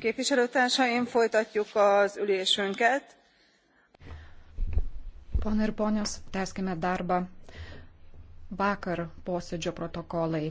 Képviselőtársaim, folytatjuk az ülésünket. Pana ir ponios, tęskime darbą. Vakar posėdžio protokolai